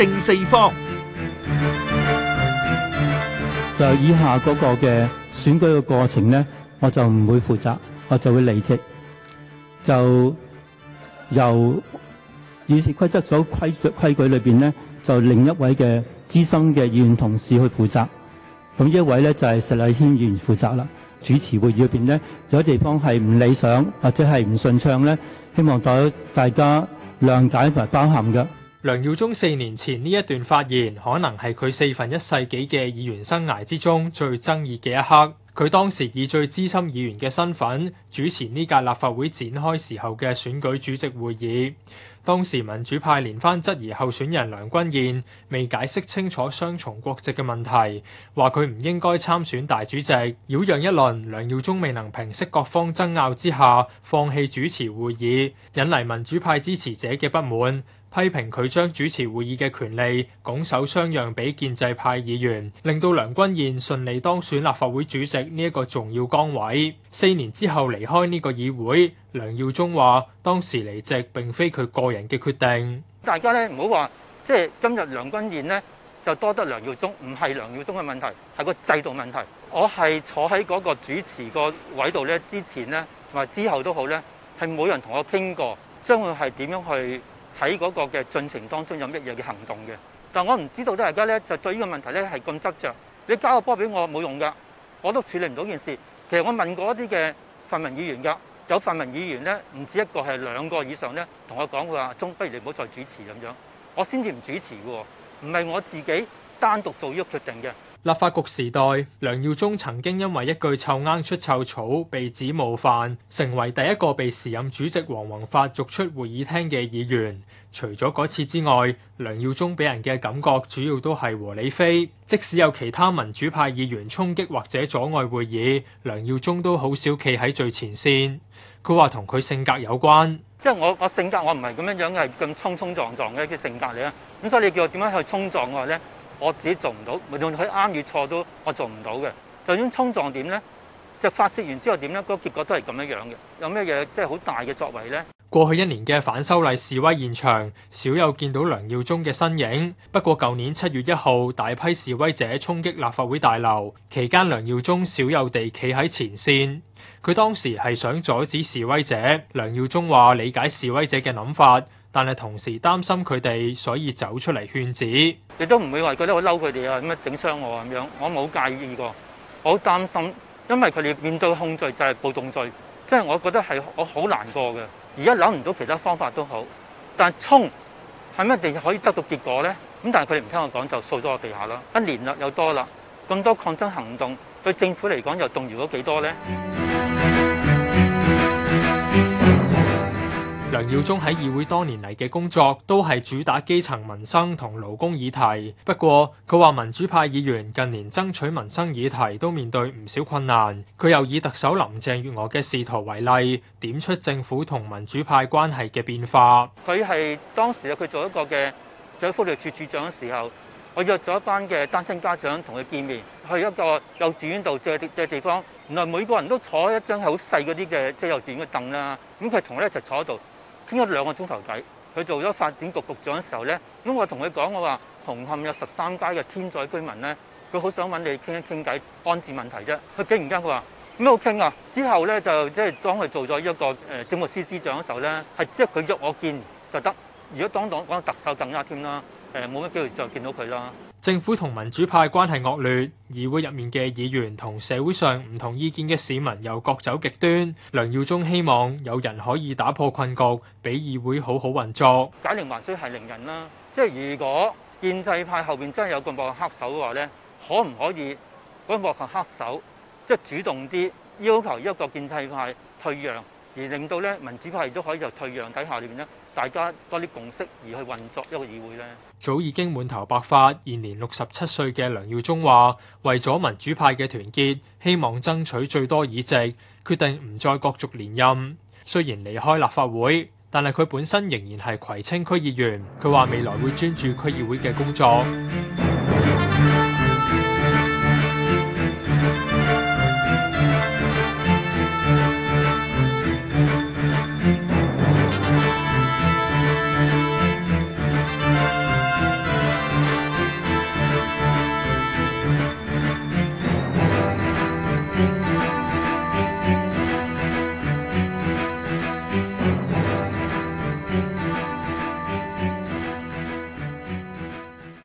正四方就以下嗰個嘅選舉嘅過程咧，我就唔會負責，我就會離職。就由議事規則所規規矩矩裏邊咧，就另一位嘅資深嘅議員同事去負責。咁呢一位咧就係石禮謙議員負責啦。主持會議入邊咧，有啲地方係唔理想或者係唔順暢咧，希望大大家諒解同埋包含嘅。梁耀忠四年前呢一段發言，可能係佢四分一世紀嘅議員生涯之中最爭議嘅一刻。佢當時以最資深議員嘅身份主持呢屆立法會展開時候嘅選舉主席會議。當時民主派連番質疑候選人梁君彥，未解釋清楚雙重國籍嘅問題，話佢唔應該參選大主席。擾攘一輪，梁耀忠未能平息各方爭拗之下，放棄主持會議，引嚟民主派支持者嘅不滿，批評佢將主持會議嘅權利拱手相讓俾建制派議員，令到梁君彥順利當選立法會主席呢一個重要崗位。四年之後離開呢個議會。梁耀忠話：當時離席並非佢個人嘅決定。大家咧唔好話，即係今日梁君彥咧就多得梁耀忠，唔係梁耀忠嘅問題，係個制度問題。我係坐喺嗰個主持個位度咧，之前咧同埋之後都好咧，係冇人同我傾過，將會係點樣去喺嗰個嘅進程當中有乜嘢嘅行動嘅。但我唔知道咧，大家咧就對呢個問題咧係咁執着。你交個波俾我冇用㗎，我都處理唔到件事。其實我問過一啲嘅泛民議員㗎。有泛民議員咧，唔止一個，係兩個以上咧，同我講，阿忠，不如你唔好再主持咁樣，我先至唔主持嘅喎，唔係我自己單獨做呢個決定嘅。立法局時代，梁耀忠曾經因為一句臭罌出臭草被指冒犯，成為第一個被時任主席黃宏發逐出會議廳嘅議員。除咗嗰次之外，梁耀忠俾人嘅感覺主要都係和理非。即使有其他民主派議員衝擊或者阻礙會議，梁耀忠都好少企喺最前線。佢話同佢性格有關，即係我我性格我唔係咁樣樣，係咁衝衝撞撞嘅嘅性格嚟啊。咁所以你叫我點樣去衝撞我咧？我自己做唔到，無論佢啱與錯都我做唔到嘅。就算衝撞點呢？就發泄完之後點呢？個結果都係咁樣樣嘅。有咩嘢即係好大嘅作為呢？過去一年嘅反修例示威現場，少有見到梁耀忠嘅身影。不過舊年七月一號，大批示威者衝擊立法會大樓期間，梁耀忠少有地企喺前線。佢當時係想阻止示威者。梁耀忠話：理解示威者嘅諗法。但係同時擔心佢哋，所以走出嚟勸止。你都唔會話覺得我嬲佢哋啊，咁樣整傷我咁樣，我冇介意過。我好擔心，因為佢哋面對控罪就係暴動罪，即係我覺得係我好難過嘅。而家諗唔到其他方法都好，但係衝係咩地可以得到結果咧？咁但係佢哋唔聽我講，就掃咗我地下啦。一年啦，又多啦，咁多抗爭行動對政府嚟講又動搖咗幾多咧？梁耀忠喺議會多年嚟嘅工作都係主打基層民生同勞工議題。不過佢話民主派議員近年爭取民生議題都面對唔少困難。佢又以特首林鄭月娥嘅仕途為例，點出政府同民主派關係嘅變化。佢係當時咧，佢做一個嘅社會福利署署長嘅時候，我約咗一班嘅單親家長同佢見面，去一個幼稚園度借啲借地方。原來每個人都坐一張好細嗰啲嘅即係幼稚園嘅凳啦。咁佢同我一齊坐喺度。傾咗兩個鐘頭偈，佢做咗發展局局長嘅時候咧，咁我同佢講，我話紅磡有十三街嘅天災居民咧，佢好想揾你傾一傾偈安置問題啫。佢竟然間，佢話咩好傾啊？之後咧，就即係當佢做咗一個誒政務司司長嘅時候咧，係即係佢約我見就得。如果當當講特首等一天啦。誒，冇乜機會再見到佢啦。政府同民主派關係惡劣，議會入面嘅議員同社會上唔同意見嘅市民又各走極端。梁耀忠希望有人可以打破困局，俾議會好好運作。解鈴還須繫鈴人啦，即係如果建制派後邊真係有個幕後黑手嘅話咧，可唔可以嗰啲幕後黑手即係主動啲，要求一個建制派退讓？而令到咧民主派都可以就退讓底下裏面大家多啲共識而去運作一個議會呢。早已經滿頭白髮，現年六十七歲嘅梁耀忠話，為咗民主派嘅團結，希望爭取最多議席，決定唔再角逐連任。雖然離開立法會，但係佢本身仍然係葵青區議員，佢話未來會專注區議會嘅工作。